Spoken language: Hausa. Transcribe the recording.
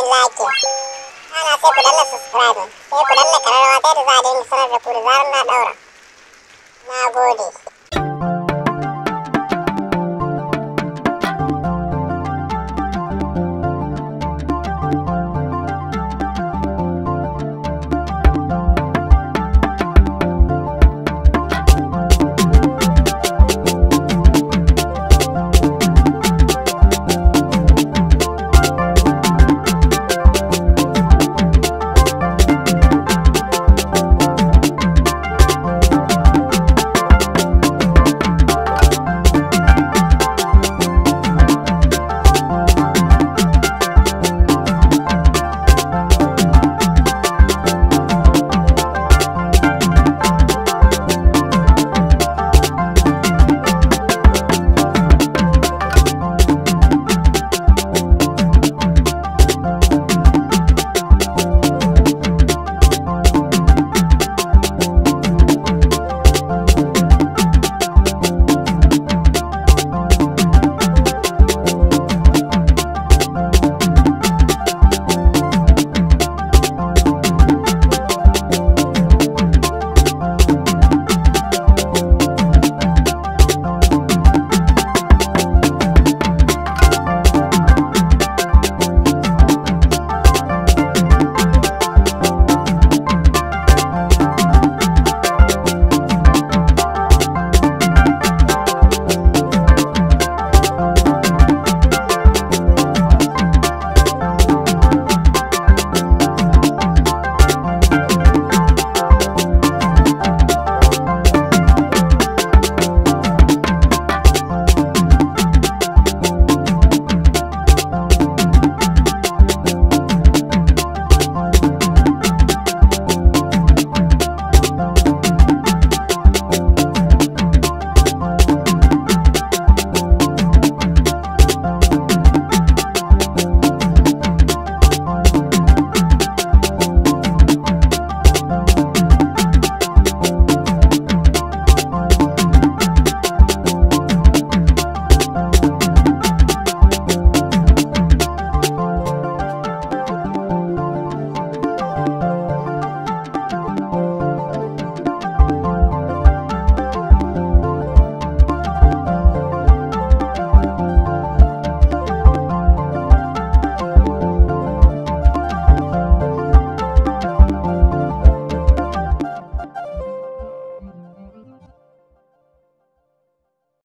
yin like ana sai ku danna subscribe sai ku danna kararrawa ta a sanar da ku zarar na daura na gode